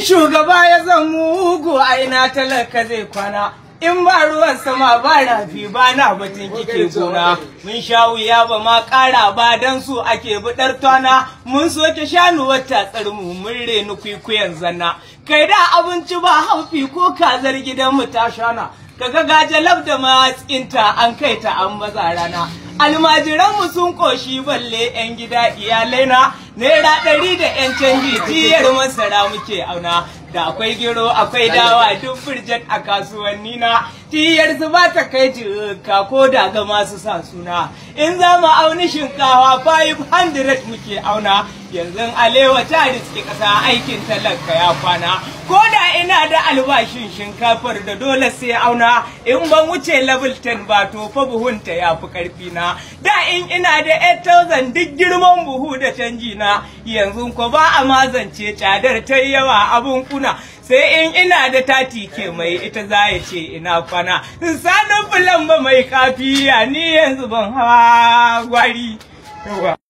shugaba ya zan mugu a ina talaka zai kwana in ba ruwan sama ba rafi ba na batun kike gona mun sha wuya ba ma ƙara ba dan su ake buɗar tana mun soke shanu wata tsarmu mun reni kwikwiyan zanna kai da abinci ba haufi ko kazar gidanmu mu ta shana kaga gajalab da matsinta an kai ta an maza rana almajiranmu sun koshi balle 'yan gida iyalai na naira ɗari da 'yan canji jiyar masara muke auna da akwai gero akwai dawa duk firjat a kasuwanni na tiyar zuba ba ta kai jika ko da ga masu sa suna in za mu auni shinkawa 500 muke auna yanzu alewa ta suke ƙasa aikin talaka ya kwana ko da ina da albashin shinkafar da dole sai auna in ban wuce level 10 ba to fa buhunta ya fi karfi na da in ina da 8000 duk girman buhu da canji na yanzu ko ba a mazance cadar ta yawa abun kuna sai in ina da tati ke mai ita za ya ce ina kwana sanin fulan ba mai kafiya ni yanzu ban hawa gwari